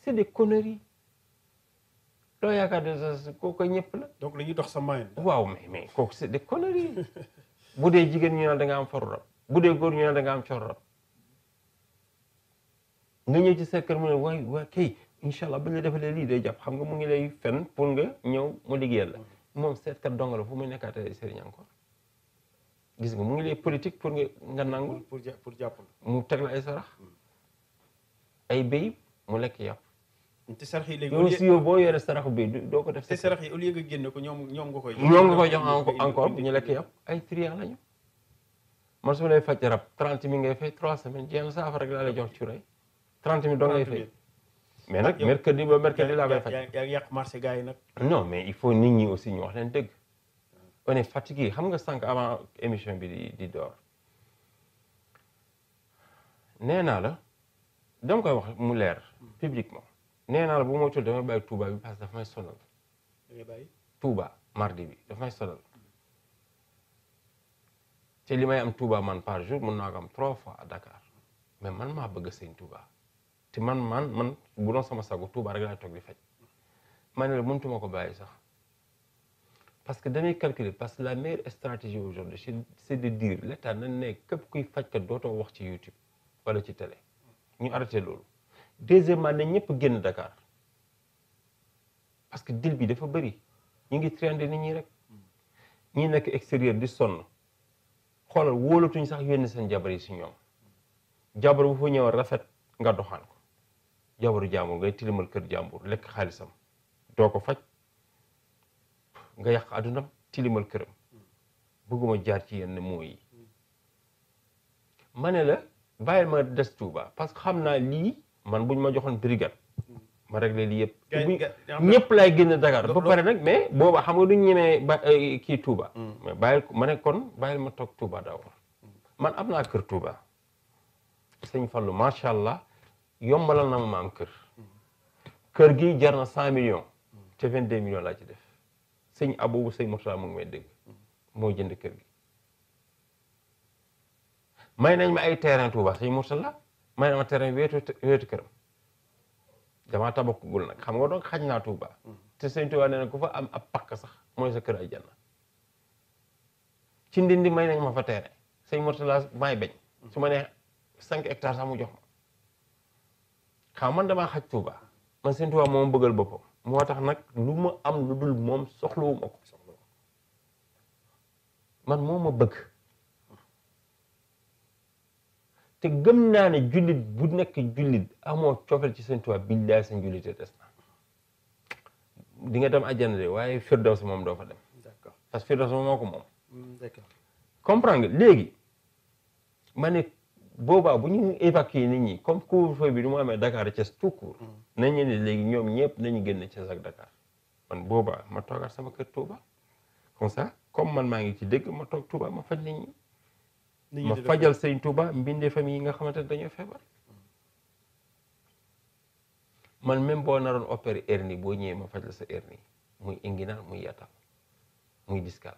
B: c'est des conneries loo yaakaar de sa kooku ñëpp la. donc dañuy dox sa moyen. waaw mais mais kooku c'est des conneries bu dee jigéen ñu ne da nga am faru bu dee góor ñu ne da nga am cor rab nga ñëw ci secteur mu ne waay waay kay incha allah bu ñu la defalee lii day jàpp xam nga mu ngi lay fen pour nga ñëw mu liggéeyal la moom seetkat dong la fu muy nekkaatee sëriñ encore gis nga mu ngi lay politique pour nga nga nangul pour pour jàpp mu teg la ay sarax hmm. ay béy mu lekk yàpp. te sarax yi léegi boo yoree saraxu béy doo ko def. te yi au génne ko
A: ñoom ñoom nga koy. ñoom nga koy jox
B: encore bu ñu lekk yàpp ay triant lañu. man su ma lay faj rab 30 mi ngay fay 3 semaines jéem saafara gi laa lay jox cuuraay. 30 000 dong ngay fay. mais nag mercredi ba mercredi laa koy yàq marché gars yi nag. non mais il faut nit ñi aussi ñu wax leen dëgg. on est fatigué xam nga sànq avant émission bi di di door. nee naa la dama koy wax mu leer. publiquement nee naa la bu ma moytuwul tuuba bàyyi Touba bi parce dafa may sonal. damay bàyyi Touba mardi bi dafa may sonal. te li may am Touba man par jour mën naa ko am trois fois à Dakar mais man maa bëgg sëñ Touba. te man man man bu doon sama sago Touba rek laay toog di faj ma ne la mënutuma ko bàyyi sax parce que damay calculer parce que la meilleure stratégie aujourd'hui c'est c'est de diir l'état na ne képp kuy fajkat dootoo wax ci YouTube wala ci télé ñu arrêté loolu deuxièmement ne ñëpp génn Dakar parce que dil bi dafa bëri ñu ngi triandé nit ñi rek ñi nekk extérieur di sonn xoolal wóolatuñ sax yónni seen jabar yi si ñoom jabar bu fa ñëw rafet nga doxaan ko jabaru jàmbur ngay tilimal kër jàmbur lekk xaalisam doo ko faj nga yàq àddunam tilimal këram bëgguma jaar ci yenn mooy yi ma ne la bàyyil ma des Touba parce que xam naa lii man buñ ma joxoon brigade ma réglé lii yëpp ñëpp lay génn Dakar ba pare nag mais booba xam nga duñ ñemee ba euh, kii tuuba hmm. mais ma nekkoon kon bàyyil ma toog Touba daaw hmm. man am naa kër Touba sëñ Fallou macha allah yombalal na ma ma am kër kër gi jar na cent million te vingt deux millions laa ci def sëñ aboobu sëñ Mourtada mu ngi may dégg jënd kër nañ ma ay terrain Touba sëñ Mourtada may ma terrain weetu weetu këram damaa nag xam nga doog xaj naa Touba te sëñ Touba nee na ku fa am ab pakk sax mooy sa kër aljanna ci ndindi may nañ ma fa terrain sëñ Mourtada maay bañ su ma nee cinq hectares sax mu jox ma xaw man damaa xaj Touba ma sëñ Touba moom bëggal boppam moo tax nag lu ma am lu dul moom soxlawu ma ko man moo ma bëgg te gëm naa ne jullit bu nekk jullit amoo coofeel ci sëñ Touba billaay seen jullit des na di nga dem àjjana de waaye firdaws moom doo fa dem a parce que firdaws moom moom mm, d'accord comprendre nga boobaa bu ñu évacuer nit ñi comme couvre-feu bi ni mu amee Dakar Thiès tout court. nañu ne léegi ñoom ñëpp nañu génn Thiès ak Dakar man boobaa ma toogaat sama kër Touba comme ça comme man maa ngi ci dëgg ma toog Touba ma faj nit ñi. ma fajal sëñ Touba mbindee famille yi nga xamante ne dañoo feebar. Mm. man même boo naroon opéré hernie boo ñëwee ma faj la sa hernie muy inguinal muy yatal muy discal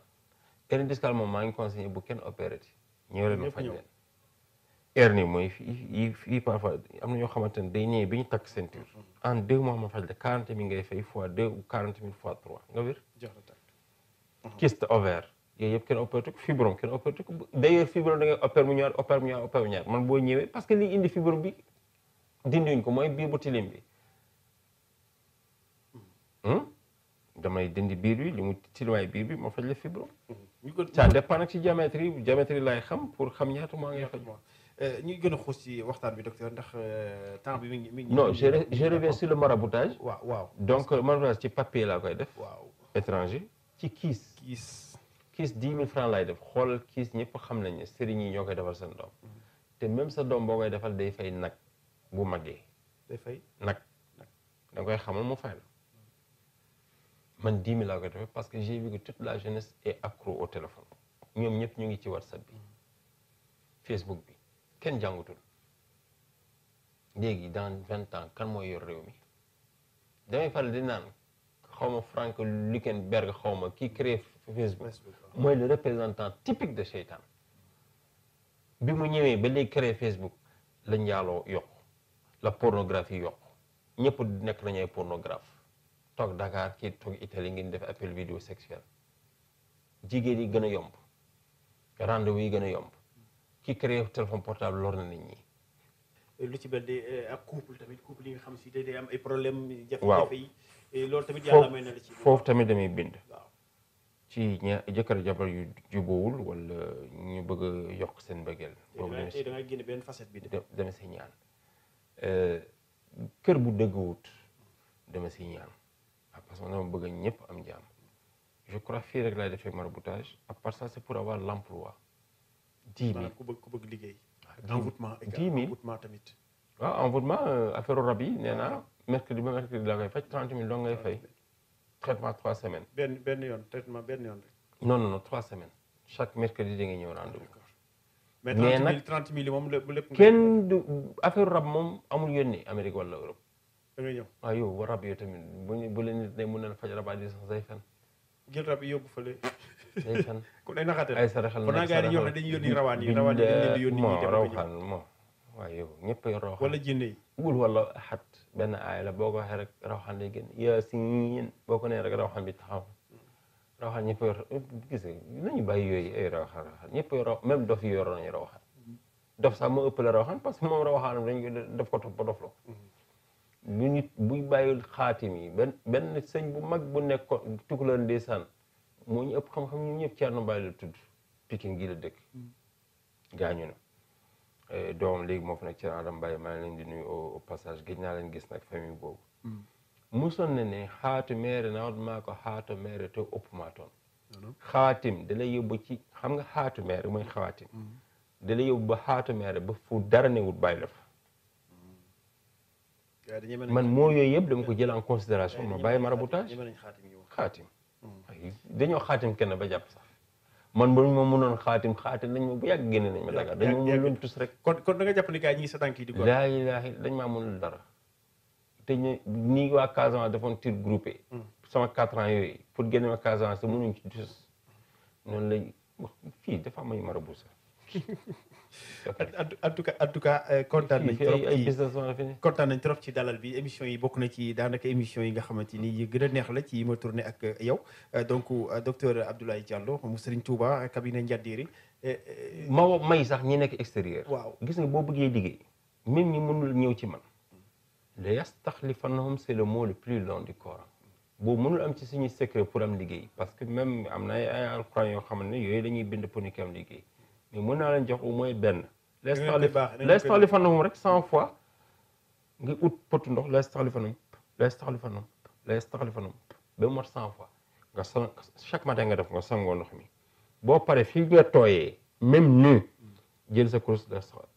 B: hernie discal moom maa ngi conseillé bu kenn opéré ti ñëw leen ma faj hernie mooy fii fii parfois am na ñoo xamante ne day ñëwee bi ñu takk ceinture en deux mois ma faj la quarante mille ngay fay fois deux ou quarante mille fois trois nga wér mhm. kyste ovaire yooyu yëpp kenn opéré ko fibrome kenn opéré ko d'ailleurs fibrome da ngay opéré mu ñaar opéré mu ñaar opéré mu ñaar man boo ñëwee parce que li indi fibrome bi dindiwuñ ko mooy biir bu tilim bi mhm. hmm? damay dindi biir bi li mu tilimaay biir bi ma faj la fibrome mhm. ça dépend nag ci géométrie xam pour xam ñaata moo Euh, ñu gën a xuus ci waxtaan bi docteur ndax euh, temps bi mi ngi mi ngi. non waaw waaw donc euh, ci papier laa koy def. waaw étranger. ci kiis kiis. kiis 10 000 laay def xool kiis ñëpp xam nañu sëriñ yi ñoo koy defal seen doom. Mhm. te même sa doom boo koy defal day fay nag bu màggee. day fay nag da koy xamal mu man 10 000 laa koy parce que j'ai vu que la jeunesse est ñëpp ñu ngi ci whatsapp bi mhm. Facebook bi. kenn jàngutul léegi dans vingt ans kan mooy yor réew mi damay faral di naan xaw ma Frank Luckenberg xaw ma kii créé Facebook mooy le représentant typique de seytaan bi mu ñëwee ba léegi créé Facebook la njaaloo yokk la pornographie yokku ñëpp nekk nañu ay pornographe toog Dakar kii toog Italie ngeen def appel vidéo sexuel jigéen yi gën a yomb rendez-vous gën a yomb ki créé téléphone portable lor nañ nit ñi.
A: lu ci mel ni euh, ak couple tamit couple yi nga xam si day am ay problème jafe-jafe yi loolu tamit yàlla may ci
B: foofu tamit damay bind ci ña jëkkër jabar yu jubóowul wala ñu bëgg a yokk seen bëggeel boobu da nga génne benn facette bi euh, dama si ñaan kër bu dëgguwut deme si ñaan parce que dama bëgg ñëpp am jàmm je crois fii rek laay defee maraboutage à part ça c'est pour avoir l'emploi dix mille maanaam ku bëgg ku bëgg liggéey. Ah, envoûtement envoûtement tamit. waaw ah, envoûtement euh, affaire rab yi nee naa mercredi ba mercredi la koy faj trente mille dong ngay fay traitement trois semaines. benn benn yoon
A: traitement benn yoon rek.
B: non non non trois semaines chaque mercredi da ngay ñëw rendez-vous. Ah, mais 30 000 30 000 moom lépp kenn du affaire rab moom amul yónnee Amérique wala Europe. da ngay ñëw waaw yow rab yooyu tamit bu ñu bu leen nit ne mën na la faj rabaat yi sax say fen. jël
A: rab yi yóbbu fële. ndeysaan ku ne naxate la ay saraxal kon nag
B: boo ko waxee rek rawxaan lay génn yaasin boo ko nee rek rawxaan bi taxaw rawxaan ñëpp yor gis nañu bàyyi dof yor nañu dof sax moo ëpp la rawxaan parce que moom rawxaanam dañ def ko topp dof la bu bu bàyyul xaatim benn benn bu mag bu nekkoon tukkuloon ndeysaan moo ñu ëpp xam-xam ñun ñëpp Thierno Baye la tudd Pikine gi la dëkk mm. gaañu na eh, doomam léegi moo fa nekk Thierno Adam Baye maa ngi leen di nuyu au passage gëj naa leen gis nag famille boobu mm. musoon na ne xaatu meere nawat maa ko xaatu meere te ëpp maa toon xaatim da lay yóbbu ci xam nga xaatu meere mooy xaatim mm. da lay yóbbu ba xaatu meere ba fu dara newut bàyyi la fa man moo yooyu yëpp dama ko jël en considération ma bàyyi maraboutage xaatim dañoo xaatim kenn ba jàpp sax man bu ñu ma mënoon xaatim xaatim nañ ma bu yàgg génne nañ ma Dakar dañ ma mënoon tus rek kon kon da nga jàpp ni kaay ñi ngi sa tànk yi di ko laa ilaahi dañ maa mënul dara te ñu nii waa Casamance defoon tir groupé hmm. sama quatre ans yooyu pour génne ma Casamance mënuñ ci tus noonu lay fii dafa am ay marabu sax
A: en tout cas en tout cas euh, kontaan nañ trop ci kontaan nañ trop ci dalal bi émission yi bokk na ci daanaka émission yi nga xamante ni yi gën a neex la ci ma tourné ak euh, yow euh, donc docteur Abdoulaye Diallo mu Serigne Touba cabinet Ndiadiri ma may sax ñi nekk
B: extérieur waaw gis nga boo bëggee liggéey même ñi mënul ñëw ci man la yastaxlifannahum c'est le mot le plus long du Coran boo mënul am ci suñu secret pour am liggéey parce que même am na ay alxuraan yoo xaman ne yooyu la bind pour ñu am liggéey mën naa leen jox au moins benn. lees taxali fanam rek cent fois nga ut potu ndox lees taxali fanam lees taxali fanam lees taxali fanam cent fois chaque matin nga def nga sangoo ndox mi boo pare fii nga tooyee même nu jël sa course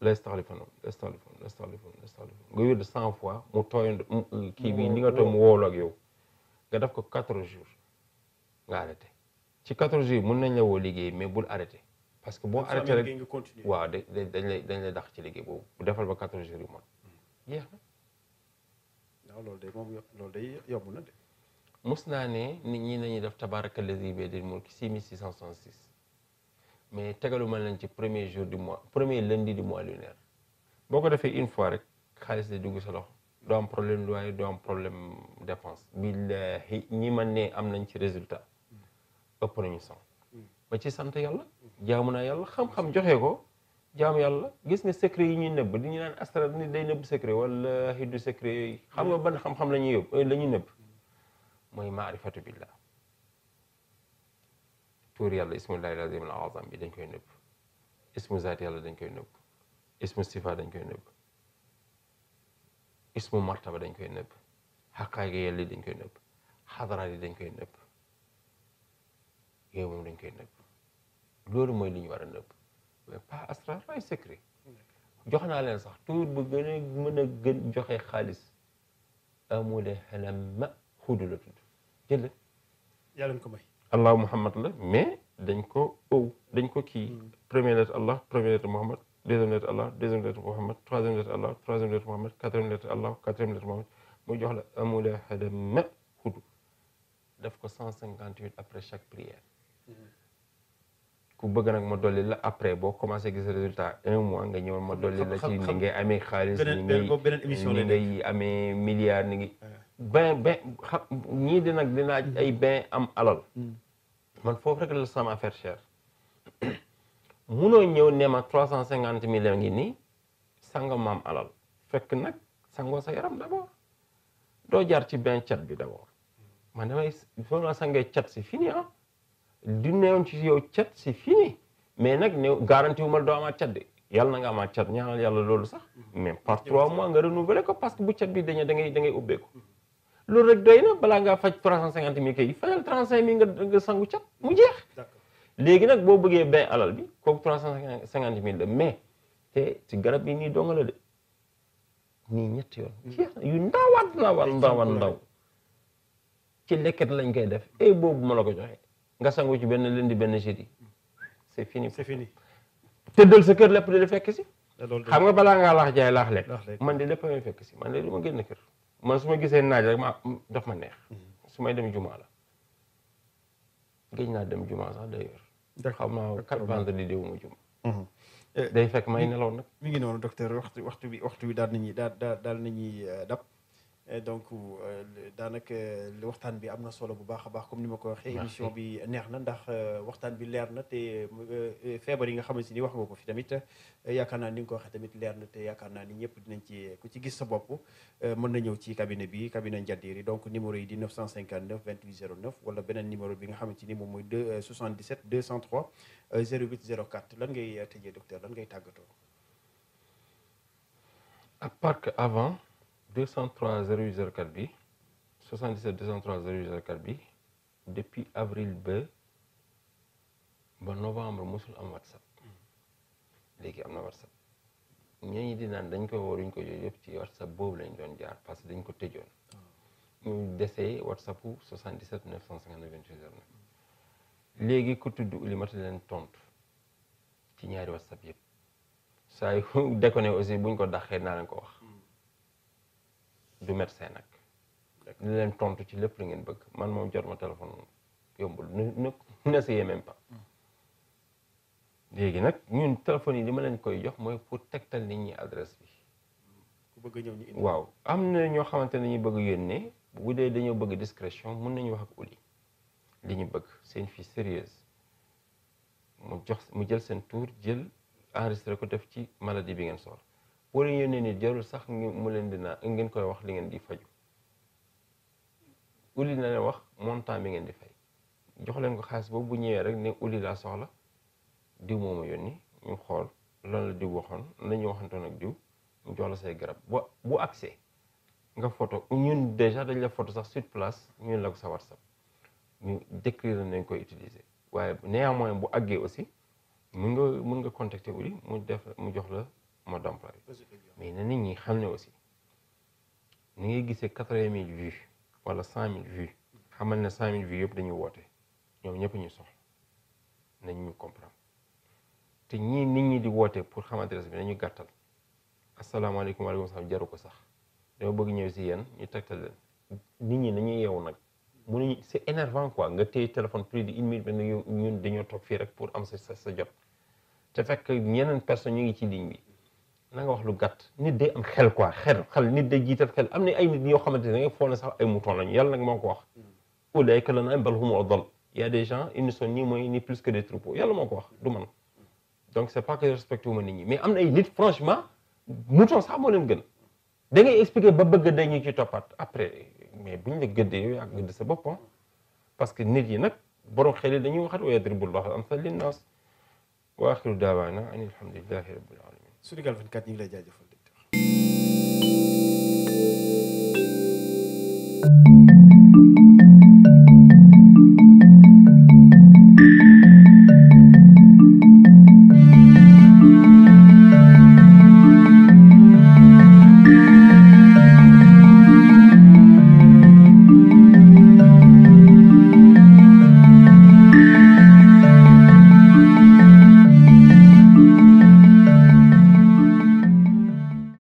B: lees taxali fanam lees taxali fanam lees taxali fanam lees taxali fanam cent fois mu tooy kii bi li nga tooy mu wóolu yow nga def ko 4 jours nga arrêté ci 4 jours yi nañ la woo liggéey mais bul arrêté. parce que boo arrêté rek waaw da dañ lay dañ lay dàq ci liggéey boobu defal ba quatorze jours yu mot hmm. jeex
A: na waaw loolu day moom loolu day yomb na de
B: mus naa ne nit ñi nañu def tabaraka lazi bi yadil mulk six mille six cent soixante-six mais tegaluma lañ ci premier jour du mois premier lundi du mois lunaire boo ko defee une fois rek xaalis day dugg sa loxo doo am problème loyer doo am problème dépense billahi ñi ma ne am nañ ci résultat hmm. ëpp nañu sang ma ci sant yàlla jaamu naa yàlla xam-xam joxe ko jaamu yàlla gis nga secret yi ñuy nëbb dañu naan astra ni day nëbb secret wallahi du secret yi xam nga ban xam-xam la ñuy yóbbu euh, la ñuy nëbb mooy maarifatu billah tuur yàlla ismullahi lazim al azam bi dañ koy nëbb ismu zaat yàlla dañ koy nëbb ismu sifa dañ koy nëbb ismu martaba dañ koy nëbb xaqaagi yàlla dañ koy nëbb xadaraat yi dañ koy nëbb yooyu dañ koy nëbb loolu mooy li ñu war a nëbb mais pas asrar secret jox naa leen sax tuur bu gën mën a gën joxe xaalis amule xelam ma xudu la tudd jël yàlla ko may allah muhammad la mais dañ ko ow dañ ko kii hmm. première lettre allah première lettre muhammad deuxième lettre allah deuxième lettre muhammad troisième lettre allah troisième lettre muhammad quatrième lettre allah quatrième lettre muhammad mu jox la amule xelam ma xudu daf ko cent cinquante huit après chaque prière hmm. ku bëgg nag ma dolli la après boo commencé gis résultat un mois nga ñëw ma dolli la ci ni ngay amee xaalis ni ngay amee milliards ni ngi ba ben xam ñii di nag ay ben am alal hmm. man foofu rek la sama affaire chère munoo ñëw ne ma trois cent cinquante millions ngi nii sanga maam alal fekk nag sangoo sa yaram d'abord doo jaar ci benn cat bi d'abord man damay soo la sangee cat si fini ah du neewoon ci yow cat c'est fini mais nag néew garanti wu ma doo amaat cat de yàlla na nga amaat cat ñaanal yàlla loolu sax mais par trois mois nga renouveler ko parce que bu cat bi dañoo da ngay da ngay loolu rek doy na balaa ngaa faj trois cent cinquante mille kay fajal trente cinq mille nga nga sangu cat mu jeex. léegi nag boo bëggee bay alal bi kooku trois cent cinquante mille la mais te ci garab yi nii dong la de nii ñetti yoon. Mm. jeex na yu ndaawaat ndaawaat ndaawaat ci lekket lañ koy def et eh, boobu ma la ko joxee. nga sangu ci benn di benn jeudi c'est fini. c'est fini tëddal sa kër lépp di fekk si. xam nga balaa ngaa laax jaay laax lekk. man de lépp may fekk si man de du ma génn kër. man su ma gisee naaj rek ma daf ma hmm. may dem juma la. géej naa dem jumaa sax d'ailleurs. d'accord xam naa kat vendredi di ma juma. Hmm. day fekk may eh, nelaw nag.
A: mi ngi noonu docteur waxtu waxtu bi waxtu bi daal nañuy daal daal nañuy euh, dab. Euh, donc euh, daanaka euh, waxtaan bi am na solo bu baax a baax comme ni ma ko waxee. émission bi neex na ndax waxtaan bi leer na te feebar yi nga xamante ni wax nga ko fi tamit yaakaar naa ni nga ko waxee tamit leer na te yaakaar naa ni ñëpp dinañ ci ku ci gis sa bopp. mën na ñëw ci cabinet bi cabinet Ndiadiri donc numéro yi di 959 28 09 wala beneen numéro bi nga xamante ni moom mooy 2 77 203 08 04 lan ngay tëjee docteur lan ngay tàggatoo.
B: à part que avant. 203 004 bi 77 203 004 bi depuis avril ba ba novembre mosul am whatsapp léegi am na whatsapp ñooñu di naan dañ ko woo duñ ko yooyu yëpp ci whatsapp boobu lañ doon jaar parce que dañ ko tëjoon ñu desee whatsappu 77 959 28 09 léegi ku tudd ulimata leen tontu ci ñaari whatsapp yëpp saa yu déconné aussi buñ ko daxee naa lañ ko wax du médecin nag. dina leen tontu ci lépp lu ngeen bëgg man moom jot ma téléphone yombul nu n'essayez même pas. léegi nag ñun téléphones yi li ma leen koy jox mooy pour tegtal nit ñi adresse bi. ku bëgg ñëw waaw am na ñoo xamante ne ñu bëgg yónnee bu dee dañoo bëgg discrétion mun nañu wax ak uli li ñu bëgg seen fii sérieuse mu jox mu jël seen tour jël enregistré ko def ci maladie bi ngeen soxla. wala yónnee nii jarul sax mu leen dina ngeen koy wax li ngeen di faju uli na leen wax montant bi ngeen di fay jox leen ko xaalis boobu bu ñëwee rek ne uli laa soxla diw yoon yónni ñu xool lan la diw waxoon nañu waxantoon ak diw mu jox la say garab ba bu accès nga photo ñun déjà dañ la photo sax sur place ñun la sa WhatsApp ñu décrire nañ koy utiliser waaye neex néanmoins bu àggee aussi mun nga mun nga contacter uli mu def mu jox la mode d'emploi mais na nit ñi xam ne aussi ni ngay gisee quatre-vingt mille vues wala cent mille vues xamal ne cent mille yëpp dañuy woote ñoom ñëpp ñu sox nañ ñu comprendre te ñii nit ñi di woote pour xam adresse bi nañu gàttal asalaamaaleykum waaleykum salaam jaru ko sax dama bëgg ñëw si yéen ñu tegtal leen nit ñi nañuy yeewu nag ñu c'est énervant quoi nga téye téléphone plus di une minute nañu ñun dañoo toog fii rek pour am sa sa jot te fekk ñeneen personne ñu ngi ci ligne bi na nga wax lu gàtt nit day am xel quoi xel xel nit day jiital xel am na ay nit ñoo xamante ne da nga foog ne sax ay mouton lañu yàlla nag moo ko wax mm. ulaika la naam bal hum adall y a des gens ils ne sont ni moins ni plus que des troupeaux yàlla moo ko wax du man mm. donc c'est pas que respecté wu ma nit ñi mais am na ay nit franchement mouton sax moo leen gën da ngay expliquer ba bëgg dañu ci toppaat après mais bu ñu la gëddee yow yaa gëdd sa bopp parce que nit yi nag borom xel yi dañuy waxat wa yadribu llahu al amsal linnaas wa axiru daawaana an alhamdulillahi rabbil alamin
A: Sunugal 24 ñu ngi lay jaajëfal.